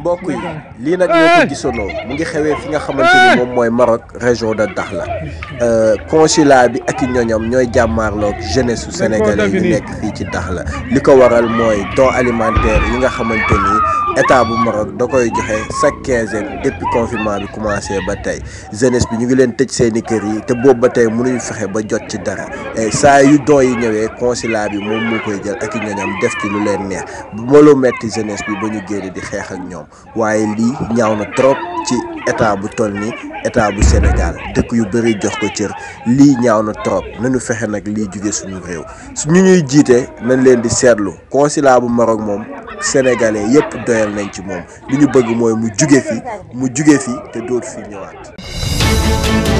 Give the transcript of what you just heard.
mbokk yi lii nag ñoo ko gisandoo mu ngi xewee fi nga xamante ni moom mooy Maroc région de Dakhla euh, consulat bi ak i ñoñam ñooy jàmmaarloog jeunesse su sénégalais yu nekk fii ci la li ko waral mooy don alimentaire yi nga xamante ni état bu Maroc da koy joxe chaque quinzaine depuis confinement bi commencé ba tey jeunesse bi ñu ngi leen tëj seen i kër yi te boobu ba tey mënuñu fexe ba jot ci dara saa yu don yi ñëwee consulat bi moom moo koy jël ak i ñoñam def ci lu leen neex moo metti jeunesse bi ba ñu génn di xeex ak ñoom waaye lii ñaaw na trop ci état bu toll ni état bu senegaal dëkk yu bari jox ko cër lii ñaaw na trop nañu fexe nag lii jóge suñu réew ñu ñuy jiite nañ leen di seetlu consulat bu Maroc moom sénégalais yépp doyal nañ ci moom li ñu bëgg mooy mu juge fi mu juge fi te dootu fi ñëwaat